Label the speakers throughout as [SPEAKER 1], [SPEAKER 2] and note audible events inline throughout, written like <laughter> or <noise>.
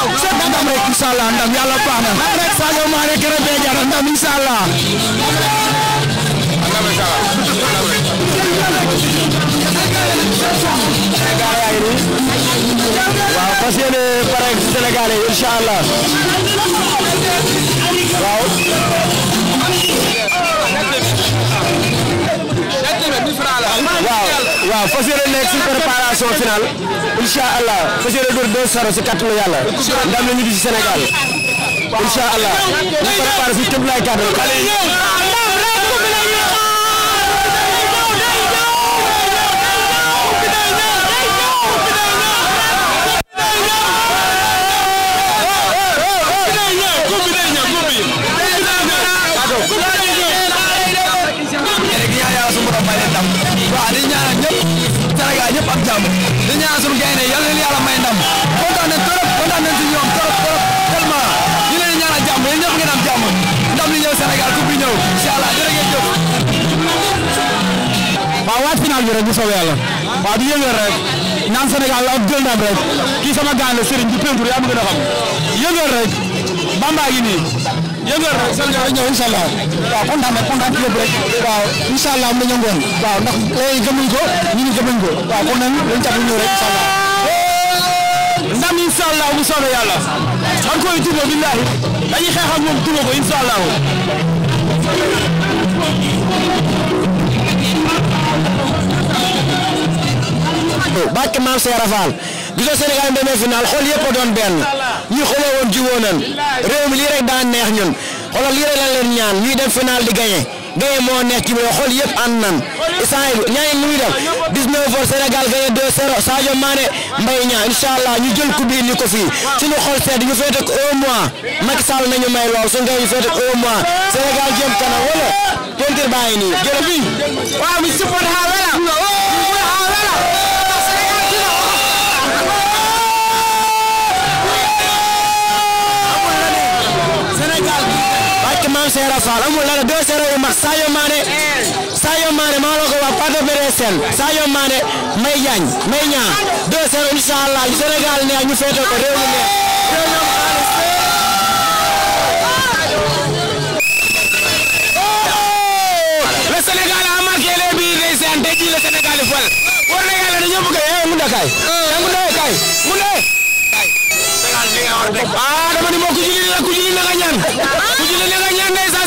[SPEAKER 1] seet ndam rek incha allah ndam yàlla baax na ndam rek Sadio Mané kere bee waaw fas yéene nekk si préparation finale incha allah fas yéene dóor deux saro si kàttanu yàlla ndam la si Sénégal incha allah ñu préparé si képp laay kàttan final bi rek bu soobee yàlla waaw di yëngal rek naan Sénégal ak jël ndam rek kii sama gaane Serigne di pentour yaa ma gën a xam yëngal rek Bamba gi nii yëngal rek Sénégal ñëw incha allah waaw kontaan rek kontaan ci lépp rek waaw incha allah am na ñëngoon waaw ndax léegi eh, gëmuñ ko ñu ni gëmuñ ko waaw kon nag dañ jàpp ñëw rek incha allah eh, ndam incha allah bu soobee yàlla man koy tuba billahi dañuy xeex ak moom tuba ko incha allah bàkk maam Seera Faal bi ko Sénégal demee final xol yëpp a doon benn ñi xoloo woon jiwoo nan réew mi lii rek daan neex ñun xoolal lii rek lañ leen ñaan ñuy dem final di gagné gagné moo neex ci biir xol yëpp ànd nan isaan yi ñaan ñu muy def 19 heures Sénégal gagné 2-0 Sadio Mané Mbaye Niang incha allah ñu jël coupe bi ni ko fii suñu xol sedd ñu féete ak un mois Macky Sall nañu may lool suñu gagné ñu féete ak un mois Sénégal jëm kanam wala tontir baa ngi nii jërëjëf. waaw monsieur Pod Seera Faal amul la deux Seera yu mag Sadio Mané Sadio Mané maa la ko wax Pathé Béré Sène may jaañ may ñaan deux Seera incha allah ñu Sénégal neex ñu féete ko réew mi neex Sénégal yi fal war na yàlla dañoo bëgg a yeewu mu ndakaay euh. mu ndakaay mu ndakaay ah dama ni moo ku julli la na nga ñaan ku na nga ñaan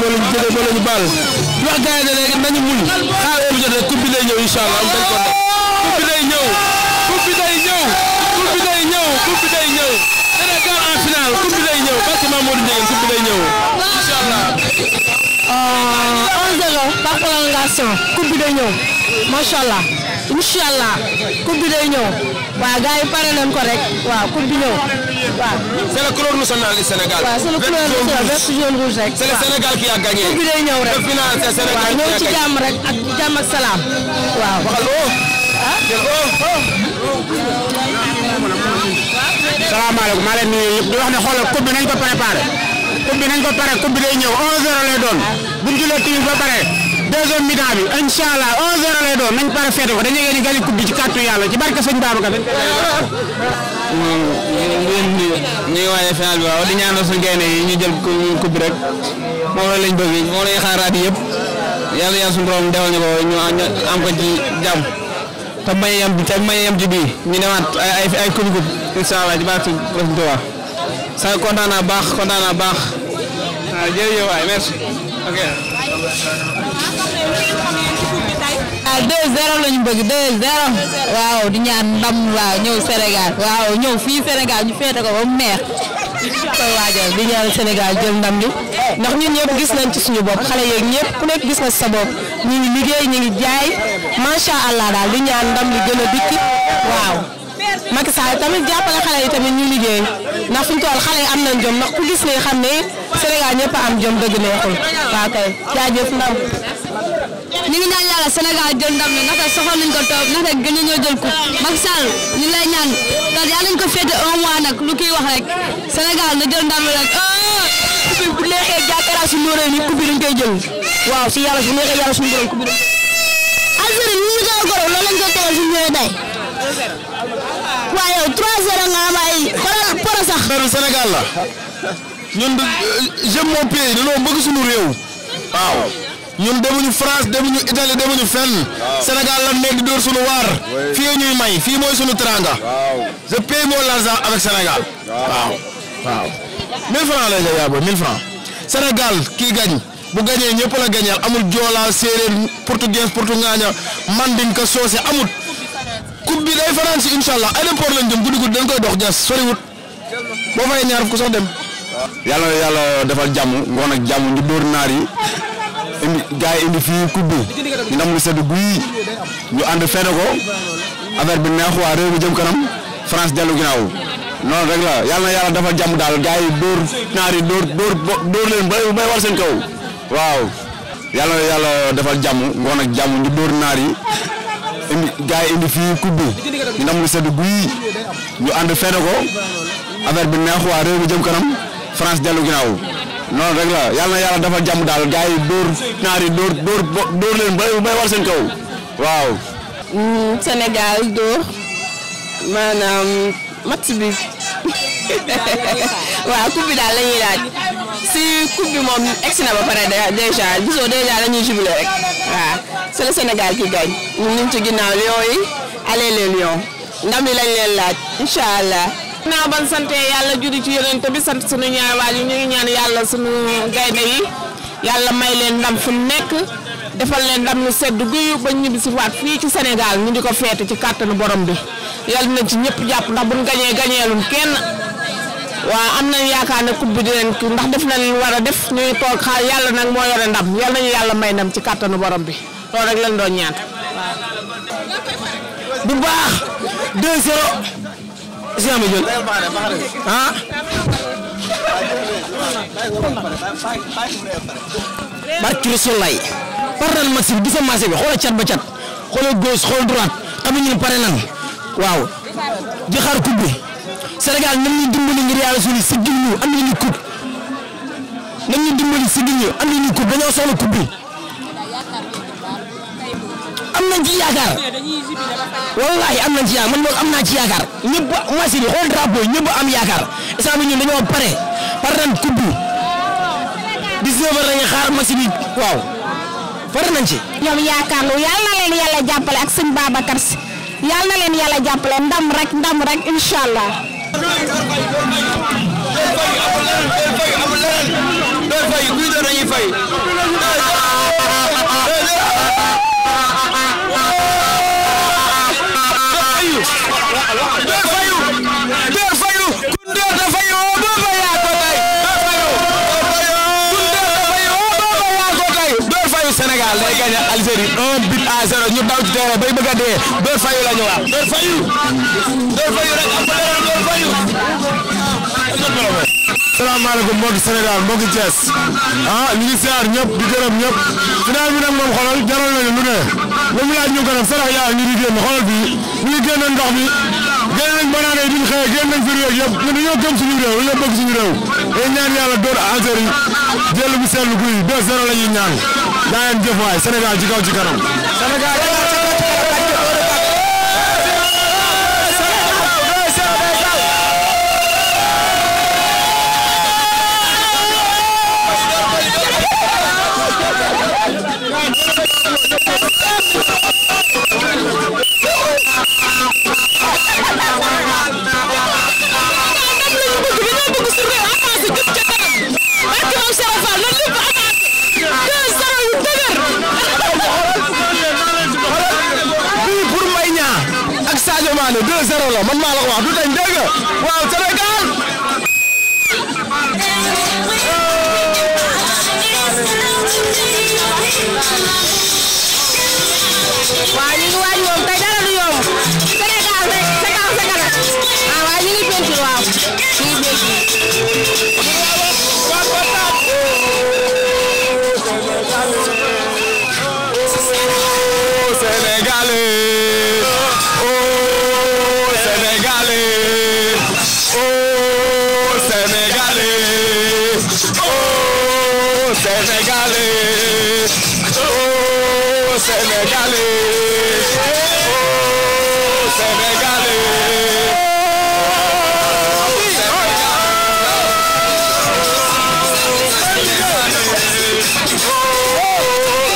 [SPEAKER 1] boo leen jëlee boo leen baal wax gars yi ne léegi nañu muñ xaar heure bi jot rek coupe bi day ñëw incha allah am dañ ko ndax coupe bi day ñëw coupe bi day ñëw coupe bi day ñëw coupe bi day ñëw pare nañ ko rek waaw coupe
[SPEAKER 2] waaw c'est la couleur nationale du Sénégal. waaw c'est la couleur nationale vert jaune
[SPEAKER 1] rouge rek. c'est le Sénégal qui a gagné. tur bi day ñëw rek le final c'est Sénégal ñëw ci jàmm rek ak jàmm ak salaam.
[SPEAKER 2] waaw waxal oo. ah jël oo.
[SPEAKER 1] salaamaaleykum maa leen nuyu yëpp di wax ne xoolal coupe bi nañ ko préparé. coupe bi nañ ko préparé coupe bi day ñëw 11h lay doon. Ah. buñ jëlee timis ba pare. deuxième mi-temps bi incha allah 11h lay doon nañ pare feete ko dañu leen di a kubbi ci kàttu yàlla ci barke sëñ Babacar dañ ñu ngi waaye final bi waaw di ñaanal suñu ñu jël kubbi rek moom la lañ bëgg moom la ñuy xaaraat yëpp yàlla yàlla suñu borom defal ñu ko ñu am ko ci jàmm te yam ci bii ñu demaat ay kubbi kubbi incha ci barke sëñ Tuubaa sa kontaan naa baax kontaan baax waaw ah, jërëjëf waay merci waaw 2-0 la bëgg 2-0 waaw di ñaan ndam waaw ñëw Sénégal waaw ñëw fii Sénégal ñu féete ko ba mu neex. di ñaan Sénégal jël ndam li ndax ñun ñëpp gis nañ ci suñu bopp xale yeeg ñëpp nekk gis na sa bopp ñu ngi liggéey ñu ngi jaay macha allah daal di ñaan ndam li gën a dikk waaw.
[SPEAKER 2] Macky Sall tamit jàppale xale yi tamit
[SPEAKER 1] ñu liggéey ndax fu mu toll xale yi am nañ jom ndax ku gis ne xam ne Sénégal ñëpp am jom dëgg neexul waaw kay jaajëf ndam. ñu ngi ñaan yàlla Sénégal jël ndam la ndaxte soxal nañ ko toog ndaxte gën lu kiy wax rek Sénégal na jël ndam rek coupe bi bu neexee ni coupe bi dañ koy jël waaw si yàlla su neexee yàlla suñu borom coupe bi dañ koy jël. Algérie a loolu lañ ko tegal suñu ñëwee tey waaye yow 3 heures j'aime mon pays dañoo bëgg suñu réew. de ñun demuñu France demuñu Italie demuñu fenn. Sénégal la nekk di dóor suñu waar. fii ñuy may fii mooy suñu teranga. je paye mon argent avec Sénégal. waaw waaw. 1000 francs lay jox yaa booy 1000 francs Sénégal kii gañ bu gañee ñëpp la gañal portugais mandinka bi day fanaan si incha allah ay dem port lañ jëm guddi guddi dañ koy dox ñaas soriwut boo fay ñaar ku sax dem. yàlla yàlla defal jàmm ngoon ak jàmm ñu dóor naar yi indi gars yi indi fii coupe bi ndam lu sedd guy ñu ànd fene ko affaire bi neex waa réew mi jëm kanam France dellu ginnaaw noonu rek la yàlla na yàlla defal jàmm daal gars yi dóor naar yi dóor dóor dóor leen bay bay war seen kaw waaw yàlla yàlla defal jàmm ngoon ak jàmm ñu dóor naar yi. indi gars yi indi fii coupe bi ñu sedd guy ñu ànd fete ko bi neex waa réew jëm kanam France dellu ginnaaw noonu rek la yàlla na yàlla dafa jàmm daal gars yi dóor naar dóor dóor leen bay bay war seen kaw waaw. Hmm, Sénégal dóor maanaam match bi <laughs> waaw coupe bi daal la ñuy laaj si coupe bi moom egsi na ba pare déjà gisoo déjà la ñuy jubilé rek waaw. c'est le Sénégal qui gagne ñun ñu ci ginnaaw Lions yi allez les Lions ndam li lañ leen laaj incha allah. ginnaaw ban sant yàlla juri ci yonent bi sant sunu ñaar waajur ñu ngi ñaan yàlla sunu gaynde yi yàlla may leen ndam fu nekk defal leen ndam lu sedd guyu ba ñibbi si waat fii ci Sénégal ñu di ko feete ci kàttanu borom bi yàlla nañ ci ñëpp jàpp ndax buñ gañee gañeelun kenn waa am nañ yaakaar ne coupe bi dinañ ndax def nañ war a def ñuy toog xaar yàlla nag nañu yàlla may ndam ci kàttanu borom bi loolu rek lañ doon ñaan bu baax 2-0 si jël ah barki rasulay parnal match bi gisa bi xoola cat ba cat xoola gauche xool droite xamuñu nan waaw di xaar coupe bi Sénégal nañ ñu dimbali ngir yàlla suñu siggil ñu am nañu coupe nañ ñu dimbali ñu am soxla bi am nañ ci yaakaar wallahi am nañ ci yaakaar man boog am naa ci yaakaar ñëpp machine yi xool drapeau yi ñëpp am yaakaar instant bi ñun dañoo pare pare nañ coupe bi 19 heures lañuy xaar machine yi waaw pare nañ ci. ñoom yaakaar lu yàlla na leen yàlla jàppale ak sëñ Babacar si yàlla na leen yàlla jàppale ndam rek ndam rek incha allah. doy fay amul leneen doy fay kuy doon dañuy fay. éliminé Algérie un but à zéro ñu daw ci terrain bay bëgg a dee Dóor Fayu la ñu wax. Dóor Fayu Dóor Fayu rek am na leneen Dóor Fayu. salaamaaleykum mbokki Sénégal mbokki Thiès ah ñu ngi siyaar ñëpp di gërëm ñëpp final bi nag moom xoolal jaral nañu lu ne lu mu laaj ñu gërëm sarax yaa ñu di génn xoolal bi ñu ngi génn ndox mi génn nañ banaane yi duñ xëyee génn nañ fi réew yëpp ñu dañoo gëm suñu réew dañoo bëgg suñu réew ñaan yàlla dóor Algérie jël bu seetlu guy 2-0 la ñuy ñaan daa leen jëf waay Sénégal ci kaw ci kanam.
[SPEAKER 2] Sénégal
[SPEAKER 1] la man maa la ko wax du tey dégg nga waaw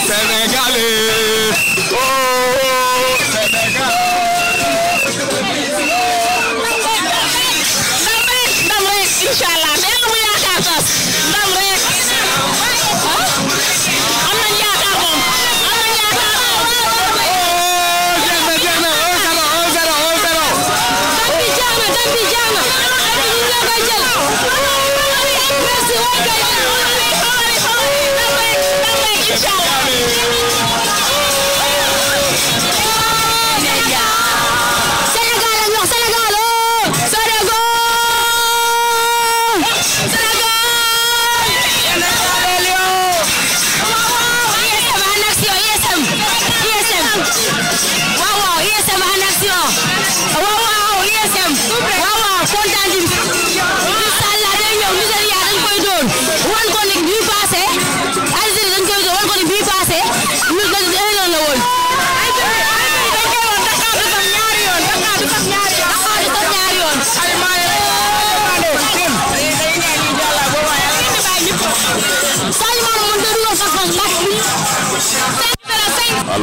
[SPEAKER 2] Senegalese. Oh. Thank you.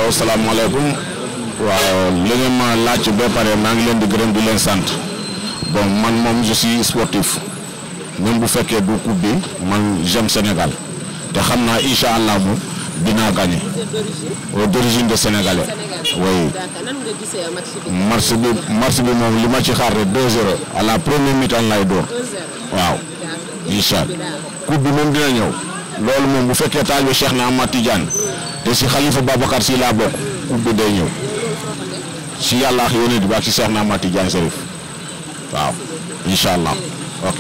[SPEAKER 1] allo salaamaaleykum waaw li ngeen ma laaj ba pare maa ngi leen di gërëm di leen sant bon man moom je suis sportif même bu fekkee bu coupe bi man j'aime Sénégal te xam naa incha allah mu dinaa gagné d'origine de sénégalais. oui match bi ma ci xaar rek à la première mi-temps lay door waaw incha allah coupe bi moom dina ñëw. loolu moom bu fekkee taalibe Cheikh na Ahmad Tidiane te si xalifa Babacar si laa bokk ubbi day ñëw si yàlla ak yonent bi ak si Cheikh na Ahmad Tidiane Serif waaw incha allah ok.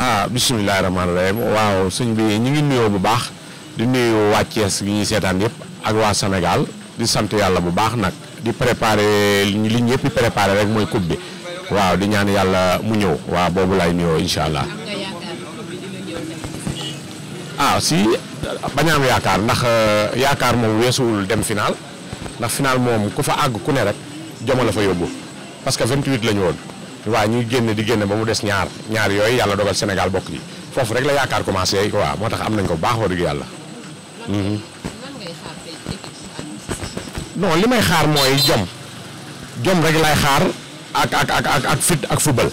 [SPEAKER 1] ah bisimilah rahmaani rahiim waaw sëñ bi ñu ngi nuyoo bu baax di nuyu waa Thiès gi ñuy seetaan yëpp ak waa senegal di sant yàlla bu baax nag di préparer li ñu yëpp préparé rek mooy coupe bi waaw di ñaan yàlla mu ñëw waa boobu laay nuyoo incha allah. ah si bañ a yaakaar ndax euh, yaakaar moom weesuwul dem final ndax final moom ku fa àgg ku ne rek joma la fa yóbbu parce que 28 la ñu woon waaw ñuy génn di génn ba mu des ñaar ñaar yooyu yàlla dogal Sénégal bokk yi foofu rek la yaakaar commencé waaw moo tax am nañ ko bu baax wax dëgg yàlla. Mhm. non li may xaar mooy jom jom rek lay xaar ak ak ak ak ak fit ak football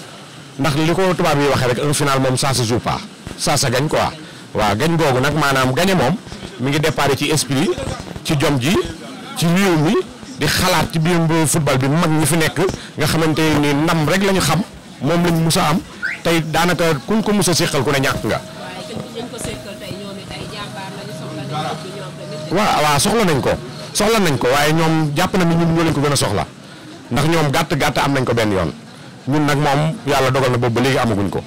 [SPEAKER 1] ndax li ko tubaab yi waxee rek un moom saa se joue pas ça se gagne quoi. wa gagne gogou nak manam gagne mom mi ngi départ ci esprit ci jom ji ci réew mi di xalat ci biir football bi mag ñi fi nek nga xamanteni ni ndam rek lañu xam mom lañu musa am tay danaka kuñ ko musa sekkal ku ne ñak nga wa wa soxla nañ ko soxla nañ ko waye ñom japp na ni ñun ñu leen ko gëna soxla ndax ñom gatt gatt am nañ ko ben yoon ñun nak mom yalla dogal na ba amaguñ ko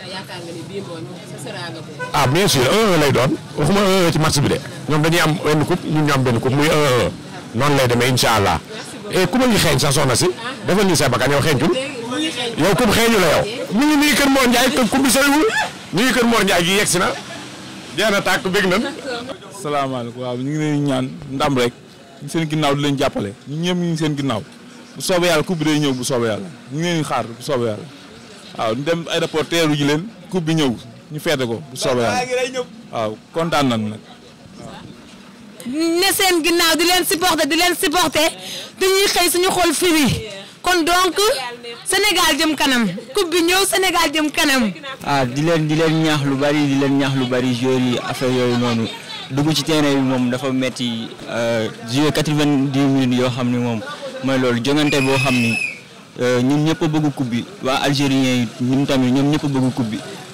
[SPEAKER 1] ah bien sûr 1 lay doon waxuma 1 ci match bi de ñoom dañuy am benn coupe ñun ñu am benn coupe muy 1 noonu lay demee incha allah et eh, ku ma ñu xeeñ sax soxna si dafa ñu sa bakkan yow xeeñtul yow coupe xeeñu la yow. mu ngi nii kër Mor Ndiaye te coupe ñu si na jeex na tàkk bég nañ. salaamaaleykum waaw ñu ngi leen ñaan ndam rek ñu seen ginnaaw di leen jàppale ñun ñëpp ñu seen ginnaaw bu soobee yàlla coupe bi day ñëw bu soobee yàlla ñu ngi leen xaar bu soobee yàlla waaw ñu dem aéroport ji leen coupe bi ñëw ñu feete ko bu soobee waaw kontaan nañ nag. ne seen ginnaaw di leen supporter di leen supporter dañuy xëy suñu xol firi kon donc Sénégal jëm kanam coupe ñëw Sénégal jëm kanam. ah di leen di leen ñaax lu bari di leen ñaax lu bari joueurs yi yooyu noonu dugg ci terrain bi moom dafa metti euh, jouer quatre-vingt-dix minutes yoo xam ne moom mooy loolu jongante boo xam ni euh, ñun ñëpp a bëgg coupe waa algériens yi ñun tamit ñoom ñëpp a bëgg coupe bi.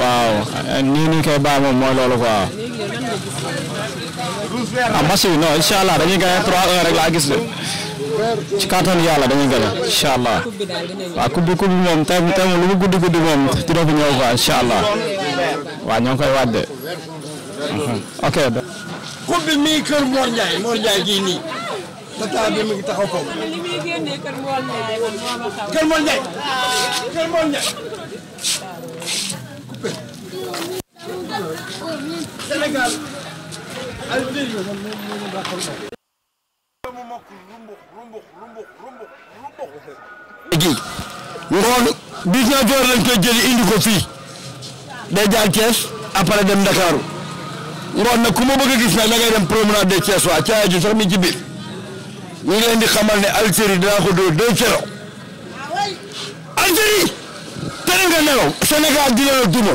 [SPEAKER 1] waaw eh, nii nii koy baax moom mooy loolu quoi. ah match bi non incha allah dañuy gagné 3 rek laa gis de ci kàttanu yàlla dañuy gagné incha allah waaw coupe bi coupe bi moom tey tey moom guddi guddi moom dina fi ñëw quoi incha allah waaw ñoo koy waaj Sénégal Algérie moom moom ngoon dix neuf heures lañ koy jëli indi ko fii day jaar Thiès après dem Ndakaaru ngoon nag ku ma bëgg gis nag da ngay dem promenade des Thiès waa caaya ju sax mi ci biir leen di xamal ne Algérie dinaa ko dóor deux zéro Algérie tere nga nelaw dina la duma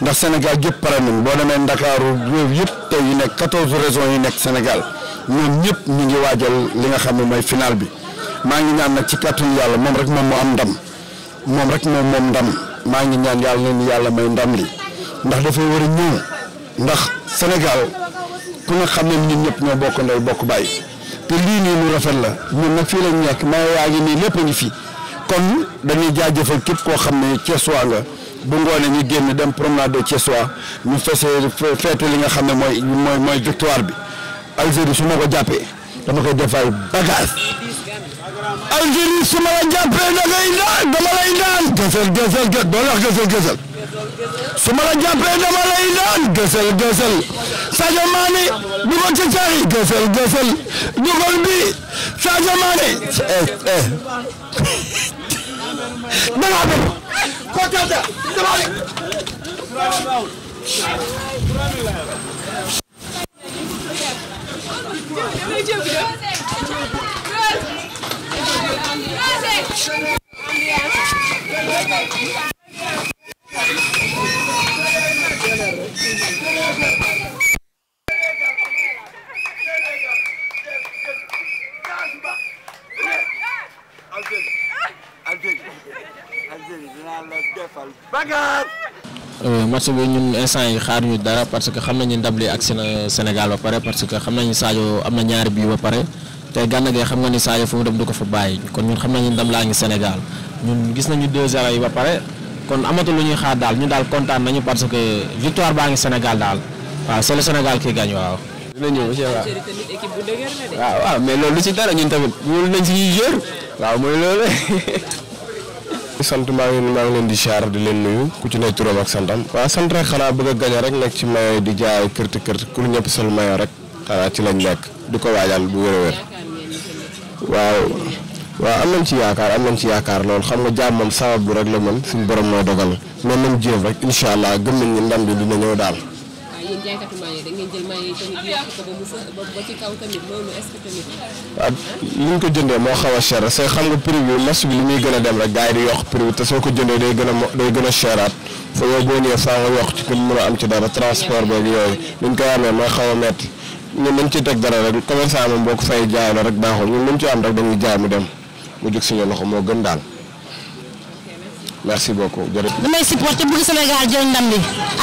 [SPEAKER 1] ndax Sénégal yëpp pare nañ boo demee Ndakaaru réew yëpp tey yu nekk quatorze régions yi nekk Sénégal ñoom ñëpp ñu ngi waajal li nga xam ne mooy final bi maa ngi ñaan nag ci kàttanu yàlla moom rek moom moo am ndam moom rek moom moom ndam maa ngi ñaan yàlla ne yàlla may ndam li ndax dafay war a ndax Sénégal ku nga xam ne ñun ñëpp ñoo bokk ndey bokk bàyyi te lii nii lu rafet la ñun nag fii lañ nekk maa yaa ngi nii lépp a ngi fi kon dañuy jaajëfal képp koo xam ne Cees nga bu ngoonee ñu génn dem promenade de Thiessois ñu fese feetu li nga xam mooy mooy mooy victoire bi Algérie su ma ko jàppee dama koy defal bagage Algérie su ma la jàppee dama lay daan gësal gësal su ma la jàppee dama lay daan gësal gësal Sadio Mané du ko ci caari gësal gësal dugal bi Sadio Mané eh eh <laughs> Kontelde! Devam edin! Sırayla out. Sırayla out.
[SPEAKER 2] Thank you.
[SPEAKER 1] Euh, match bi ñun instant yi xaar ñu dara parce que xam nañu ndab li ak Sénégal ba pare parce que xam ñu Sadio am na ñaari bii ba pare te Gana Gueye xam nga ni Sadio fu mu dem du ko fa bàyyi kon ñun xam na ñu ndam laa ngi Sénégal ñun gis nañu 2-0 yi ba pare kon amatul lu ñuy xaar daal ñu daal kontaan nañu parce que victoire baa ngi Sénégal daal waaw c'est le Sénégal qui gagne waaw. dina ñëw monsieur waaw waaw mais loolu lu ci dara ñun tamit wóolu nañ suñuy joueur waaw mooy loolu <laughs> sant maa ngi maa ngi leen di siyaar di leen nuyu ku ci ne turam ak santam waaw sant rek xanaa bëgg a gañe rek nekk ci mayo di jaay kërti kërti ku ñëpp sol mayo rek xanaa ci lañ nekk di ko waajal bu wér a wér waaw waaw am nañ ci yaakaar am nañ ci yaakaar lool xam nga jaam moom sabab bu rek la mën suñu borom mooy dogal mais nañ jéem rek incha allah gëm nañ ni ndam du dina ñëw daal yéen ah, ni ñu ko jëndee moo xaw a cher parce xam nga prix bi bi li muy gën a dem rek gars yi di yokk prix bi te soo ko jëndee day gën a day gën a cheraat fa yow boo ñëwee faa nga yokk ci pour mën a am ci dara transport beeg yooyu ni ñu koy amee mooy xaw a métti ñun dañ ciy teg dara rek commerçant moom boo ko fay jaay la rek baaxul ñun lu mu ci am rek dañuy jaay mu dem mu jóg suñu loxo moo gën daal merci beaucoup jërëjëf. damay supporté bëgg Sénégal jël ndam bi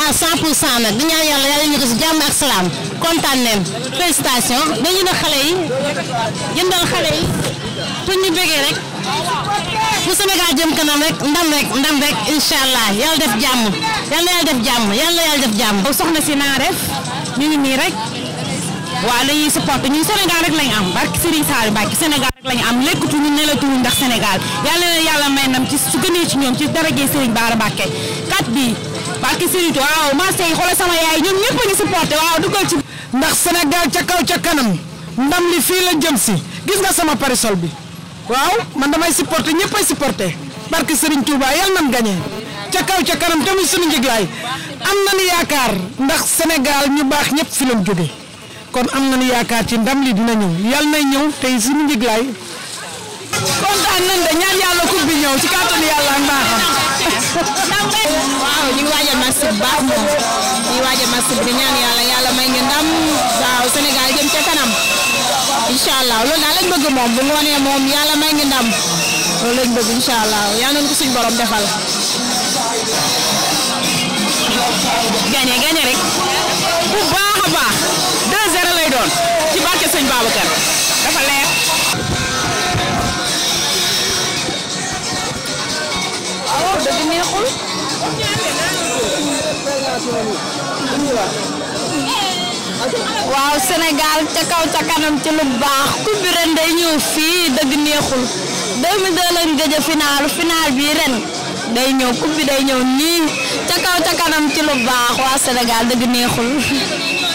[SPEAKER 1] à 100 pour cent nag di ñaan yàlla yàlla ñu ko si jàmm ak salaam kontaan nañ félicitation dañu ne xale yi jëndal xale yi pour ñu bëggee rek bu Sénégal jëm kanam rek ndam rek ndam rek incha allah yàlla def jàmm yàlla yàlla def jàmm yàlla yàlla jàmm. soxna si naa def ñu ngi nii rek. waaw dañuy supporté ñun Sénégal rek lañ am barki Serigne Saliou Mbacké Sénégal rek lañ am lekkatuñu nelatuñu ndax Sénégal yàlla na yàlla may nam ci su gënee ci ñoom ci darajee Serigne Bara Mbacké bi barki Serigne waaw Marseille xoolal sama yaay ñoom ñëpp a ñu supporté waaw dugal ci. ndax Sénégal ca kaw ca kanam ndam li fii la jëm si gis nga sama parasol bi waaw man damay supporté ñëpp ay supporté barki Serigne Touba yàlla nañ gagné ca kaw ca kanam tamit suñu njëglaay am nañu yaakaar ndax Sénégal ñu baax ñëpp fi lañ jógee. kon am nañu yaakaar ci ndam li dina ñëw yàlla nay ñëw tey suñu njëglaay kontaan nañ de ñaan yàlla coupe bi ñëw ci kàttanu yàlla ak baaxam waaw ñu ngi waajal match bu baax moom ñu ngi waajal match bi di ñaan yàlla yàlla may ñu ndam waaw Sénégal jëm ca kanam incha allah loolu daal lañ bëgg moom bu ngoonee moom yàlla may ñu ndam loolu lañ bëgg incha allah yàlla nañ ko suñ borom defal gagné gagné rek sëñ Babacar dafa leer. waaw oh, dëgg neexul. waaw Sénégal ca kaw ca kanam ci lu baax coupe ren day ñëw fii dëgg neexul 2002 lañ gëj a final final bi ren day ñëw coupe day ñëw nii ca kaw ca kanam ci lu baax waa Sénégal dëgg neexul. <laughs>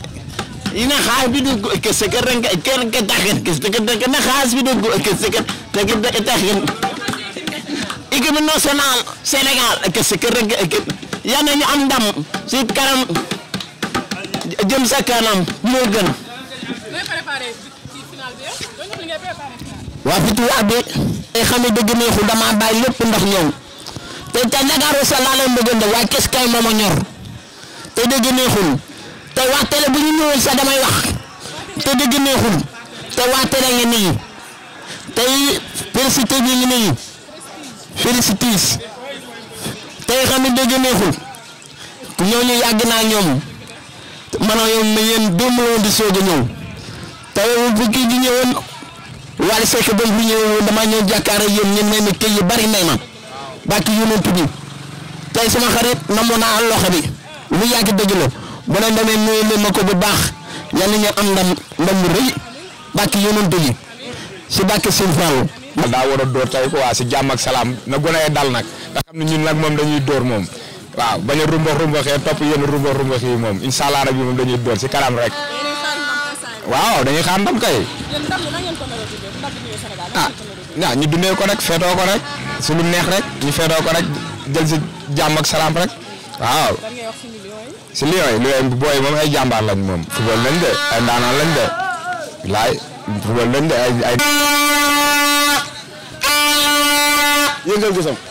[SPEAKER 1] inahaɓiɗo sekereke tahen kesteketeke nahasɓiɗo keseket teketeke tahen équipe national sénégal kesekereke yanañu am ndam si kanam jëm sa kanam moo gën waa fitu abi ay xam ne dëgg neexu dama bàyyi lépp ndax ñëw te ca Ndakaaru sa laa leen bëggoon de waaye kes kay mooma ñor te dëgg neexul te wax télé bu ñu ñëwee sax damay wax te dëgg neexul te wax télé nga nii tey félicité bi ngi nii félicitis tey xam ne dëgg neexul ñooñu yàgg naa ñoom manoo yow ma yéen démb la woon di soog a ñëw te bu kii di ñëwoon Wally Seck ba mu fi ñëwoon damaa ñëw jàkkaar ak yéen ñun nee na këy yu bari may ma bàkki yonent bi tey sama xarit namoon naa loxo bi lu yàgg dëgg bu leen demee nuyu leen ma ko bu baax yàlla ñu am ndam ndam bu rëy bàkki yonent yi si bàkki seen faalu daa war a dóor ko waa si jàmm ak salaam na gone dal ñun dañuy waaw allah rabbi dañuy dóor si kanam rek waaw dañuy xaar kay ah ñu dundee ko rek feetoo ko rek su neex rek ñu ko jël ak rek waaw si Lions yi Lions bu booy moom ay jàmbaar lañ moom football lañ de ay ndaanaan lañ laay football lañ de ay ay yëngal gisam